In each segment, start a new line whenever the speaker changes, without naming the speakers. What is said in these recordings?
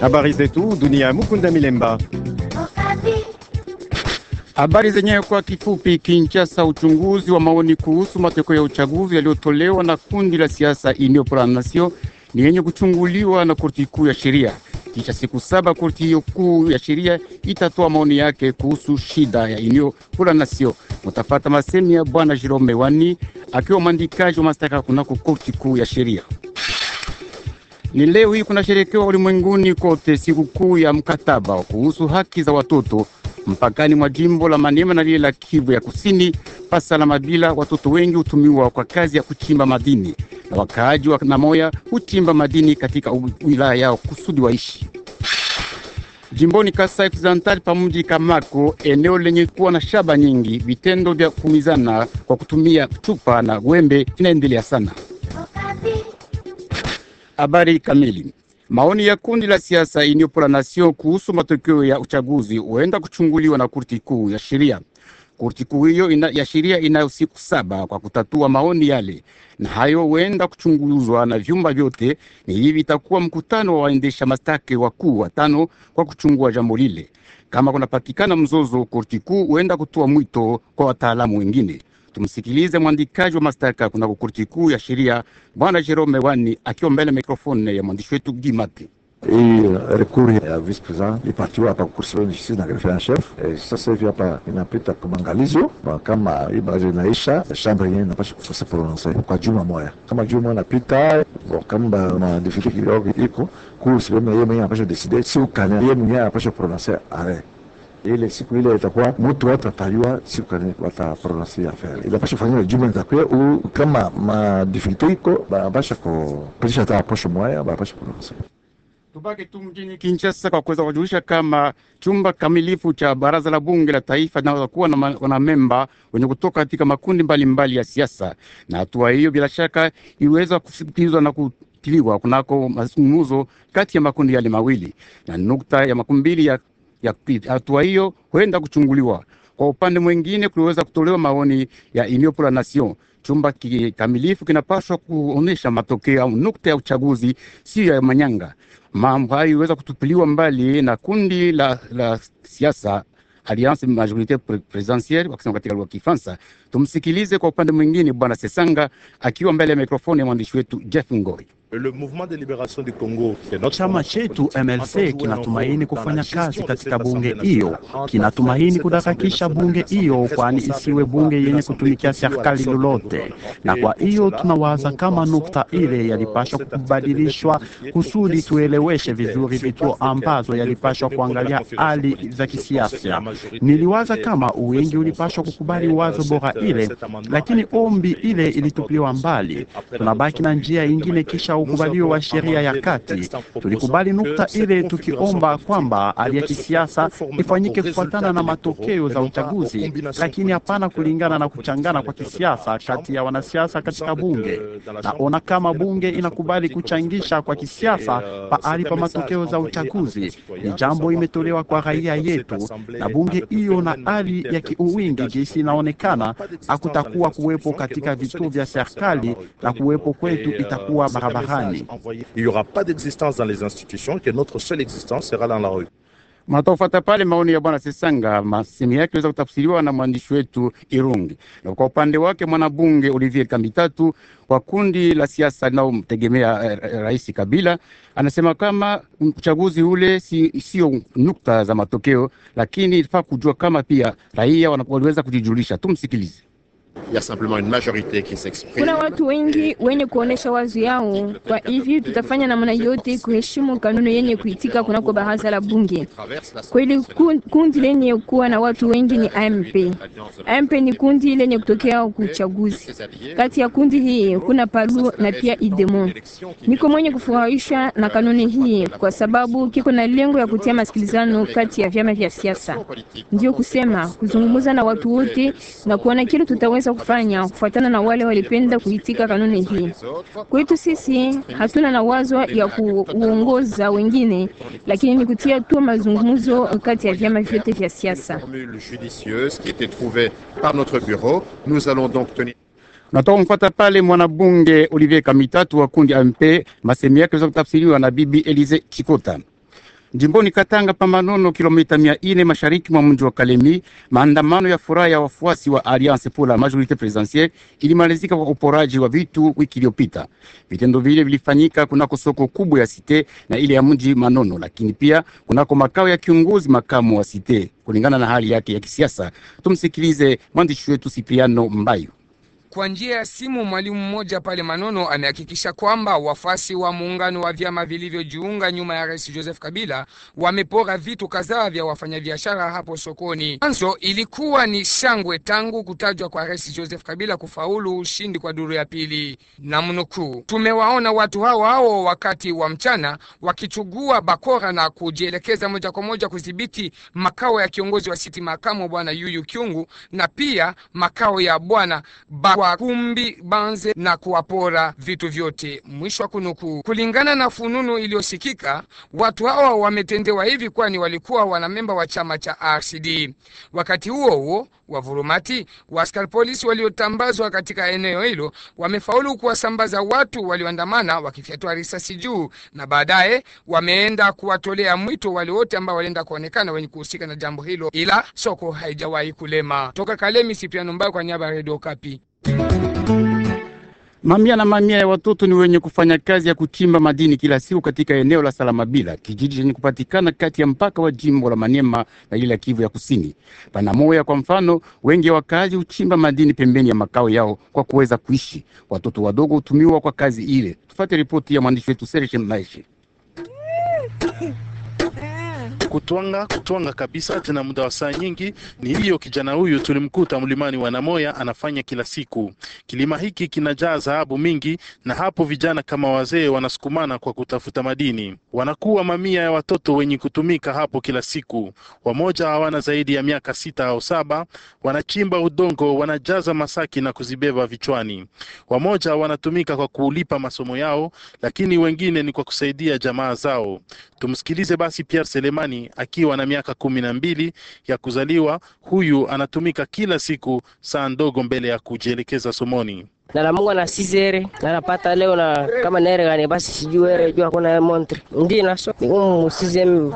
Habari zetu dunia, Mukunda Milemba. Habari
zenyewe kwa kifupi. Kinshasa, uchunguzi wa maoni kuhusu matokeo ya uchaguzi yaliyotolewa na kundi la siasa Union pour la Nation ni yenye kuchunguliwa na korti kuu ya sheria. Kisha siku saba, korti hiyo kuu ya sheria itatoa maoni yake kuhusu shida ya Union pour la Nation. Mutafata masemi ya bwana Jerome Wani akiwa mwandikaji wa mashtaka kunako korti kuu ya sheria. Ni leo hii kunasherekewa ulimwenguni kote sikukuu ya mkataba kuhusu haki za watoto mpakani mwa jimbo la Maniema na lile la Kivu ya Kusini. mabila watoto wengi hutumiwa kwa kazi ya kuchimba madini na wakaaji wa Namoya huchimba madini katika wilaya yao kusudi waishi. Jimboni Kasai Occidental pamuji Kamako, eneo lenye kuwa na shaba nyingi, vitendo vya kumizana kwa kutumia chupa na wembe vinaendelea sana. Habari kamili. Maoni ya kundi la siasa Union la Nation kuhusu matokeo ya uchaguzi huenda kuchunguliwa na kurti kuu ya sheria. Kurti kuu hiyo ina, ya sheria inayo siku saba kwa kutatua maoni yale, na hayo huenda kuchunguzwa na vyumba vyote. Ni hivi itakuwa mkutano wa waendesha mashtaki wakuu watano kwa kuchungua jambo lile. Kama kunapatikana mzozo, kurti kuu huenda kutoa mwito kwa wataalamu wengine. Tumsikilize mwandikaji wa mashtaka kunako korti kuu ya sheria bwana Jerome Wani akiwa mbele mikrofone ya mwandishi wetu Gimati.
Hii euh, rekuri ya vice president hapa justice na en chef. Sasa hivi hapa inapita kwa kama hii inaisha, chambre yenyewe kwa juma moja, kama juma kama na difficulty kidogo iko decide, yeye mwenyewe ile siku ile itakuwa mtu watatayua siku kani wataprononsi afere inapasha kufanyia juma nitakuya u kama madifikulti iko banapasha kupitisha hata posho mwaya banapasha prononsi.
Tubaki tu mjini
Kinshasa kwa kuweza kujulisha kama chumba kamilifu cha baraza la bunge la taifa linaweza kuwa na wanamemba wenye kutoka katika makundi mbalimbali mbali ya siasa, na hatua hiyo bila shaka iweza kusikilizwa na ku tiliwa kunako mazungumzo kati ya makundi yale mawili na nukta ya makumi mbili ya ya kupita. Hatua hiyo huenda kuchunguliwa. Kwa upande mwingine, kuliweza kutolewa maoni ya Union pour la Nation. Chumba kikamilifu kinapaswa kuonyesha matokeo au nukta ya uchaguzi, sio ya manyanga. Mambo hayo iweza kutupiliwa mbali na kundi la, la siasa Alliance Majorite Presidentielle wakisema katika lugha ya Kifaransa. Tumsikilize kwa upande mwingine Bwana Sesanga akiwa mbele ya mikrofoni ya mwandishi wetu Jeff Ngoi.
Chama chetu MLC kinatumaini kufanya kazi katika bunge hiyo, kinatumaini kudarakisha
bunge hiyo, kwani isiwe bunge yenye kutumikia serikali lolote. Na kwa hiyo tunawaza kama nukta ile euh, yalipashwa kubadilishwa kusudi tueleweshe vizuri vituo ambazo yalipashwa kuangalia hali za kisiasa. Niliwaza kama uwingi ulipashwa kukubali wazo bora euh, ile, lakini ombi ile ilitupiwa mbali. Tunabaki na njia ingine kisha ukubalio wa sheria ya kati.
Tulikubali nukta ile
tukiomba kwamba hali ya kisiasa ifanyike kufuatana na matokeo za uchaguzi, lakini hapana kulingana na kuchangana kwa kisiasa kati ya wanasiasa katika bunge. Naona kama bunge inakubali kuchangisha kwa kisiasa eh, euh, pahali pa matokeo za uchaguzi, ni jambo imetolewa kwa raia yetu na bunge hiyo, na hali ya kiuwingi jinsi inaonekana, hakutakuwa kuwepo katika vituo vya serikali na kuwepo kwetu euh, itakuwa barabara nyumbani.
Il n'y aura pas d'existence dans les institutions, que notre seule
existence sera dans la rue. Matafuata pale maoni ya Bwana Sesanga, masemi yake aweza kutafsiriwa na mwandishi wetu Irungi. Na kwa upande wake mwanabunge Olivier Kambitatu wa kundi la siasa linalomtegemea eh, eh, Rais Kabila anasema kama uchaguzi ule si, sio nukta za matokeo, lakini faa kujua kama pia raia waliweza kujijulisha. Tumsikilize.
Ya
kuna watu wengi wenye kuonesha wazo yao. Kwa hivyo tutafanya namna yote kuheshimu kanuni yenye kuitika kunako baraza la bunge. Kweli kundi lenye kuwa na watu wengi ni AMP. AMP ni kundi lenye kutokea kuchaguzi. Kati ya kundi hii kuna Palu na pia Idemo. Niko mwenye kufurahisha na kanuni hii kwa sababu kiko na lengo ya kutia masikilizano kati ya vyama vya siasa, ndio kusema kuzungumza na watu wote na kuona kile tutaweza wanaweza kufanya kufuatana na wale walipenda kuitika kanuni hii. Kwetu sisi hatuna na wazo ya kuongoza wengine, lakini ni kutia tu mazungumzo kati ya vyama vyote vya siasa.
Natoka kumfuata pale mwanabunge Olivier Kamitatu wa kundi MP, masemi yake yaweza kutafsiriwa na bibi Elize Chikota. Jimboni Katanga manono kilomita mia ine mashariki mwa mji wa Kalemi, maandamano ya furaha ya wafuasi wa Alliance pour la Majorite Presidentielle ilimalizika kwa uporaji wa vitu wiki iliyopita. Vitendo vile vilifanyika kunako soko kubwa ya Site na ile ya mji Manono, lakini pia kunako makao ya kiongozi makamu wa Site kulingana na hali yake ya kisiasa. Tumsikilize mwandishi wetu Sipriano Mbayo.
Kwa njia ya simu, mwalimu mmoja pale Manono amehakikisha kwamba wafasi wa muungano wa vyama vilivyojiunga nyuma ya Rais Joseph Kabila wamepora vitu kadhaa vya wafanyabiashara hapo sokoni. Chanzo ilikuwa ni shangwe tangu kutajwa kwa Rais Joseph Kabila kufaulu ushindi kwa duru ya pili, na mnukuu, tumewaona watu hao hao wakati wa mchana wakichugua bakora na kujielekeza moja kwa moja kudhibiti makao ya kiongozi wa siti makamu Bwana Yuyu Kyungu na pia makao ya Bwana ba kwa kumbi banze na kuwapora vitu vyote, mwisho wa kunukuu. Kulingana na fununu iliyosikika, watu hawa wametendewa hivi, kwani walikuwa wanamemba wa chama cha RCD. Wakati huo huo, wavurumati wa askari polisi waliotambazwa katika eneo hilo wamefaulu kuwasambaza watu walioandamana wakifyatua risasi juu, na baadaye wameenda kuwatolea mwito wale wote ambao walienda kuonekana wenye kuhusika na jambo hilo, ila soko haijawahi kulema. Toka Kalemi, Sipiano Mbayo kwa niaba ya Kapi.
Mamia na mamia ya watoto ni wenye kufanya kazi ya kuchimba madini kila siku katika eneo la Salamabila, kijiji chenye kupatikana kati ya mpaka wa jimbo la Maniema na ile ya Kivu ya Kusini. Panamoya kwa mfano, wengi wakazi huchimba madini pembeni ya makao yao kwa kuweza kuishi. Watoto wadogo hutumiwa kwa kazi ile. Tufate ripoti ya mwandishi wetu Serge Mlaishi
kutwanga kutwanga kabisa, tena muda wa saa nyingi. Ni hiyo kijana huyu tulimkuta mlimani wa Namoya anafanya kila siku. Kilima hiki kinajaa dhahabu mingi, na hapo vijana kama wazee wanasukumana kwa kutafuta madini. Wanakuwa mamia ya watoto wenye kutumika hapo kila siku. Wamoja hawana zaidi ya miaka sita au saba, wanachimba udongo, wanajaza masaki na kuzibeba vichwani. Wamoja wanatumika kwa kuulipa masomo yao, lakini wengine ni kwa kusaidia jamaa zao. Tumsikilize basi Pierre Selemani akiwa na miaka kumi na mbili ya kuzaliwa. Huyu anatumika kila siku saa ndogo mbele ya kujielekeza somoni
na na sizere na napata leo na kama nere gani basi sijuere ere jua kuna montre ndi na so um sizem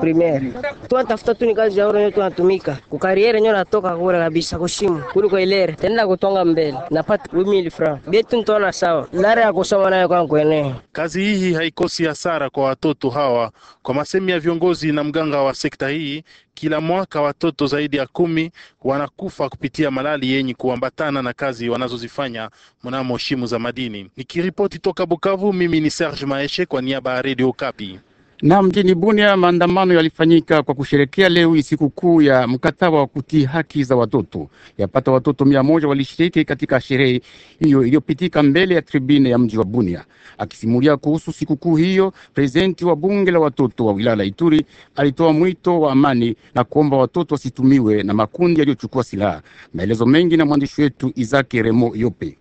primaire tu atafuta tu ni kazi ya oro tu natumika ku nyo natoka kule kabisa kushimu kuliko ilere tenda kutonga mbele napata 2000 francs bietu ntona sawa lare ya kusoma nayo kwangu ene
kazi hii haikosi hasara kwa watoto hawa kwa masemi ya viongozi na mganga wa sekta hii kila mwaka watoto zaidi ya kumi wanakufa kupitia malali yenye kuambatana na kazi wanazozifanya mnamo shimu za madini. Nikiripoti toka Bukavu, mimi ni Serge Maeshe kwa niaba ya Radio Kapi.
Na mjini Bunia maandamano yalifanyika kwa kusherekea leo sikukuu ya mkataba wa kutii haki za watoto. Yapata watoto mia moja walishiriki katika sherehe hiyo iliyopitika mbele ya tribune ya mji wa Bunia. Akisimulia kuhusu sikukuu hiyo, prezidenti wa bunge la watoto wa wilaya la Ituri alitoa mwito wa amani na kuomba watoto wasitumiwe na makundi yaliyochukua silaha. Maelezo mengi na mwandishi wetu isaki Remo Yope.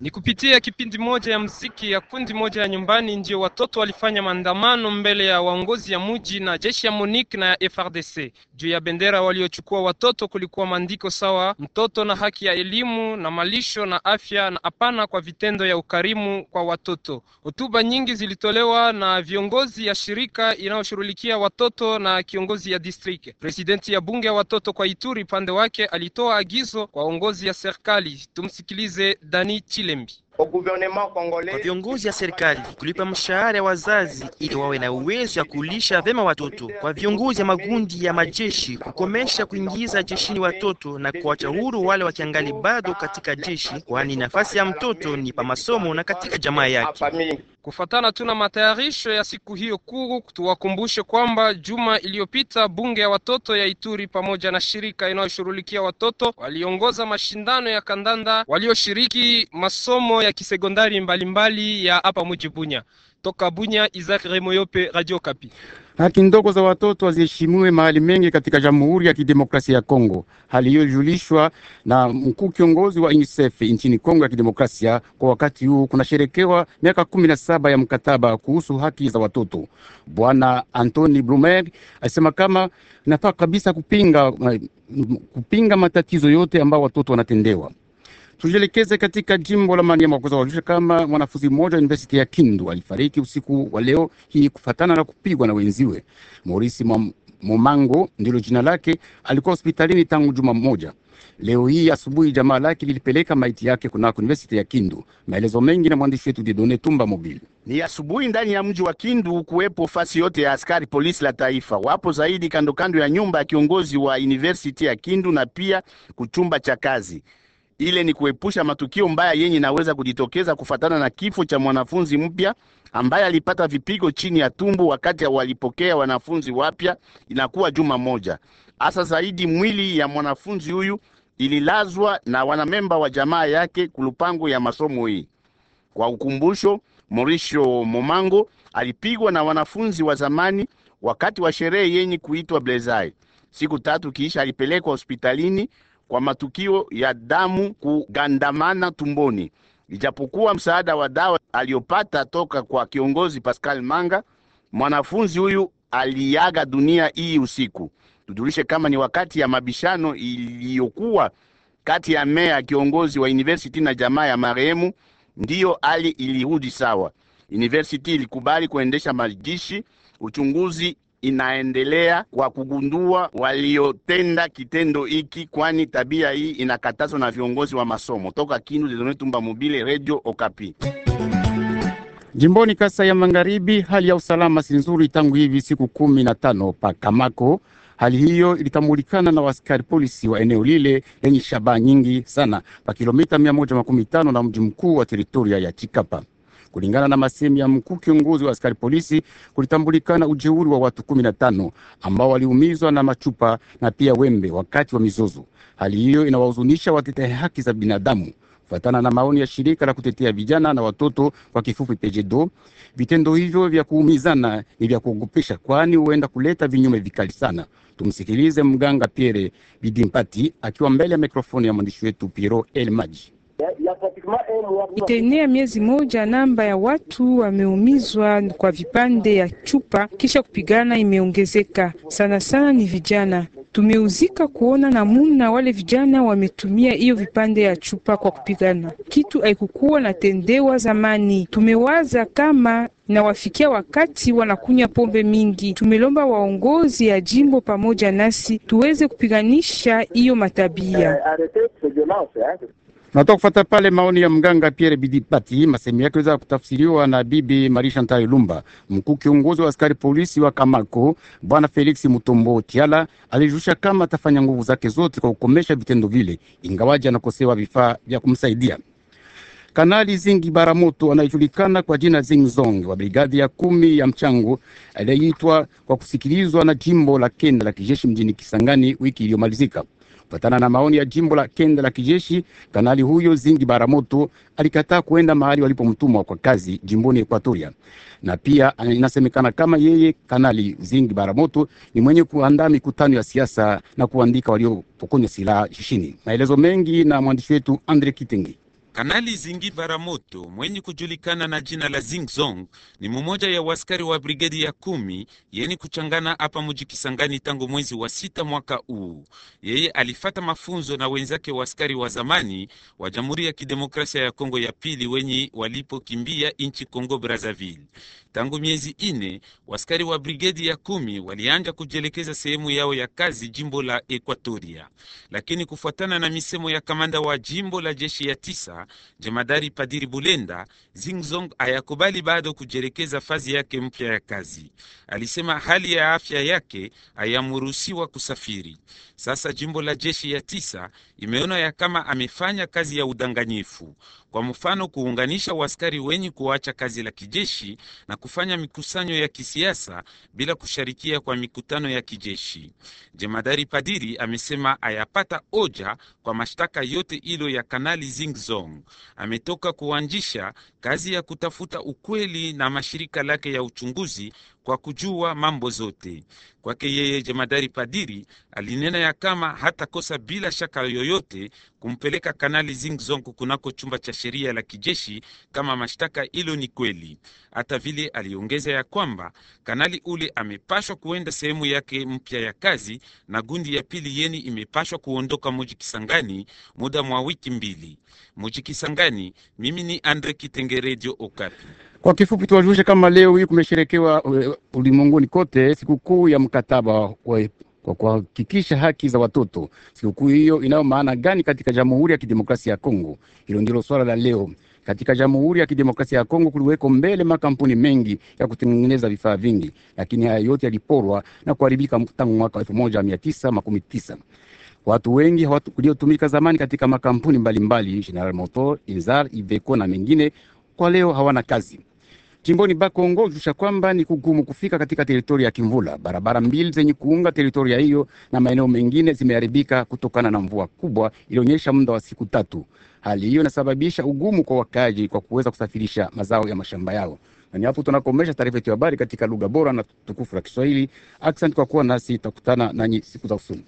Ni kupitia kipindi moja ya mziki ya kundi moja ya nyumbani ndiyo watoto walifanya maandamano mbele ya waongozi ya muji na jeshi ya MONUC na ya frdc Juu ya bendera waliochukua watoto kulikuwa maandiko sawa, mtoto na haki ya elimu na malisho na afya, na hapana kwa vitendo ya ukarimu kwa watoto. Hotuba nyingi zilitolewa na viongozi ya shirika inayoshughulikia watoto na kiongozi ya district. Presidenti ya bunge ya watoto kwa Ituri pande wake alitoa agizo kwa uongozi ya serikali. Tumsikilize Dani Chile. l'MB.
kwa viongozi ya serikali kulipa mshahara ya wazazi ili wawe na uwezo ya kulisha vema watoto, kwa viongozi ya magundi ya majeshi kukomesha kuingiza jeshini watoto na kuacha huru wale wakiangali bado katika jeshi, kwani nafasi ya mtoto ni pa masomo na katika jamaa yake. Kufatana tuna matayarisho ya siku hiyo kuu,
tuwakumbushe kwamba juma iliyopita bunge ya watoto ya Ituri pamoja na shirika inayoshughulikia watoto waliongoza mashindano ya kandanda walioshiriki masomo ya ya kisekondari mbalimbali ya hapa mji Bunya. Toka Bunya, Isaac Remoyope, Radio Kapi.
Haki ndogo za watoto haziheshimiwe mahali mengi katika Jamhuri ya Kidemokrasia ya Kongo. Hali hiyo ilijulishwa na mkuu kiongozi wa UNICEF nchini Kongo ya Kidemokrasia. Kwa wakati huu kunasherekewa miaka kumi na saba ya mkataba kuhusu haki za watoto. Bwana Anthony Blumeg alisema kama inafaa kabisa kupinga, eh, kupinga matatizo yote ambayo watoto wanatendewa. Tujielekeze katika jimbo la Maniema kuzawajulisha kama mwanafunzi mmoja wa universiti ya Kindu alifariki usiku wa leo hii kufatana na kupigwa na wenziwe. Morisi Momango ndilo jina lake, alikuwa hospitalini tangu juma moja. Leo hii asubuhi jamaa lake lilipeleka maiti yake kunako universiti ya Kindu. Maelezo mengi na mwandishi wetu Didone Tumba Mobili.
Ni asubuhi ndani ya mji wa Kindu, kuwepo fasi yote ya askari polisi la taifa, wapo zaidi kandokando ya nyumba ya kiongozi wa universiti ya Kindu na pia kuchumba cha kazi ile ni kuepusha matukio mbaya yenye naweza kujitokeza kufatana na kifo cha mwanafunzi mpya ambaye alipata vipigo chini ya tumbo wakati walipokea wanafunzi wapya, inakuwa juma moja hasa zaidi. Mwili ya mwanafunzi huyu ililazwa na wanamemba wa jamaa yake kulupango ya masomo hii. Kwa ukumbusho, Morisho Momango alipigwa na wanafunzi wa zamani wakati wa sherehe yenye kuitwa Blezai. Siku tatu kiisha alipelekwa hospitalini kwa matukio ya damu kugandamana tumboni. Ijapokuwa msaada wa dawa aliyopata toka kwa kiongozi Pascal Manga, mwanafunzi huyu aliaga dunia hii usiku. Tujulishe kama ni wakati ya mabishano iliyokuwa kati ya meya kiongozi wa university na jamaa ya marehemu, ndiyo hali ilirudi sawa. University ilikubali kuendesha majishi uchunguzi inaendelea kwa kugundua waliotenda kitendo hiki, kwani tabia hii inakatazwa na viongozi wa masomo. Toka Kindu, Dieudonne Tumba Mobile, Radio Okapi.
Jimboni kasa ya Magharibi, hali ya usalama si nzuri tangu hivi siku kumi na tano pakamako. Hali hiyo ilitambulikana na waskari polisi wa eneo lile lenye shabaha nyingi sana pa kilomita mia moja makumi tano na mji mkuu wa teritoria ya Chikapa. Kulingana na masemi ya mkuu kiongozi wa askari polisi, kulitambulikana ujeuri wa watu kumi na tano ambao waliumizwa na machupa na pia wembe wakati wa mizozo. Hali hiyo inawahuzunisha watetea haki za binadamu. Kufatana na maoni ya shirika la kutetea vijana na watoto kwa kifupi Pejedo, vitendo hivyo vya kuumizana ni vya kuogopesha, kwani huenda kuleta vinyume vikali sana. Tumsikilize mganga Pierre Bidimpati akiwa mbele ya mikrofoni ya mwandishi wetu Piero El Maji
itenea miezi moja, namba ya watu wameumizwa kwa vipande ya chupa kisha kupigana imeongezeka sana sana, ni vijana. Tumeuzika kuona namuna wale vijana wametumia hiyo vipande ya chupa kwa kupigana, kitu haikukuwa natendewa zamani. Tumewaza kama nawafikia wakati wanakunywa pombe mingi. Tumelomba waongozi ya jimbo pamoja nasi tuweze kupiganisha hiyo matabia.
Natoka kufata pale maoni ya mganga Pierre Bidipati, masemi yake weza kutafsiriwa na bibi Marie Chantal Lumba. Mkuu kiongozi wa askari polisi wa Kamako. bwana Felix Mutombo Tiala, alijusha kama atafanya nguvu zake zote kwa kukomesha vitendo vile, ingawaji anakosewa vifaa vya kumsaidia. Kanali Zingi Baramoto anayejulikana kwa jina Zing Zong wa brigadi ya kumi ya mchango aliyeitwa kwa kusikilizwa na jimbo la kenda la kijeshi mjini Kisangani wiki iliyomalizika. Kufatana na maoni ya jimbo la kenda la kijeshi, kanali huyo Zingi Baramoto alikataa kuenda mahali walipomtumwa kwa kazi jimboni Ekwatoria, na pia ah, inasemekana kama yeye kanali Zingi Baramoto ni mwenye kuandaa mikutano ya siasa na kuandika waliopokonywa silaha jeshini. Maelezo mengi na mwandishi wetu Andre Kitengi.
Kanali Zingi Baramoto mwenye kujulikana na jina la Zingzong ni mmoja ya waskari wa brigedi ya kumi yeni kuchangana hapa muji Kisangani tangu mwezi wa sita mwaka huu. Yeye alifata mafunzo na wenzake waskari wa zamani wa Jamhuri ya Kidemokrasia ya Kongo ya pili wenye walipokimbia inchi Kongo Brazzaville. Tangu miezi ine waskari wa brigedi ya kumi walianja kujielekeza sehemu yao ya kazi jimbo la Equatoria, lakini kufuatana na misemo ya kamanda wa jimbo la jeshi ya tisa jemadari Padiri Bulenda, Zingzong hayakubali bado kujerekeza fazi yake mpya ya kazi. Alisema hali ya afya yake hayamruhusiwa kusafiri. Sasa jimbo la jeshi ya tisa imeona ya kama amefanya kazi ya udanganyifu, kwa mfano kuunganisha waskari wenye kuacha kazi la kijeshi na kufanya mikusanyo ya kisiasa bila kusharikia kwa mikutano ya kijeshi. Jemadari Padiri amesema ayapata oja kwa mashtaka yote ilo ya Kanali Zingzong. Ametoka kuanzisha kazi ya kutafuta ukweli na mashirika lake ya uchunguzi kwa kujua mambo zote. Kwake yeye jemadari Padiri alinena ya kama hatakosa bila shaka yoyote kumpeleka Kanali Zingzong kunako chumba cha sheria la kijeshi kama mashtaka ilo ni kweli. Hata vile aliongeza ya kwamba kanali ule amepashwa kuenda sehemu yake mpya ya kazi, na gundi ya pili yeni imepashwa kuondoka muji Kisangani muda mwa wiki mbili. Muji Kisangani, mimi ni Andre Kitenge, Redio Okapi.
Kwa kifupi tuwajulishe kama leo hii kumesherekewa uh, ulimwenguni kote sikukuu ya mkataba kwa kuhakikisha haki za watoto. Sikukuu hiyo inayo maana gani katika Jamhuri ya Kidemokrasia ya Kongo? Hilo ndilo swala la leo. Katika Jamhuri ya Kidemokrasia ya Kongo kuliweko mbele makampuni mengi ya kutengeneza vifaa vingi, lakini haya yote yaliporwa na kuharibika tangu mwaka elfu moja mia tisa makumi tisa. watu wengi waliotumika zamani katika makampuni mbalimbali mbali, General Motor, Inzar, Iveco na mengine kwa leo hawana kazi. Jimboni Bakongozusha kwamba ni kugumu kufika katika teritoria ya Kimvula. Barabara mbili zenye kuunga teritoria hiyo na maeneo mengine zimeharibika kutokana na mvua kubwa ilionyesha muda wa siku tatu. Hali hiyo inasababisha ugumu kwa wakaji kwa kuweza kusafirisha mazao ya mashamba yao. Na ni hapo tunakomesha taarifa yetu ya habari katika lugha bora na tukufu la Kiswahili. Asante kwa kuwa nasi, tutakutana nanyi siku za usoni.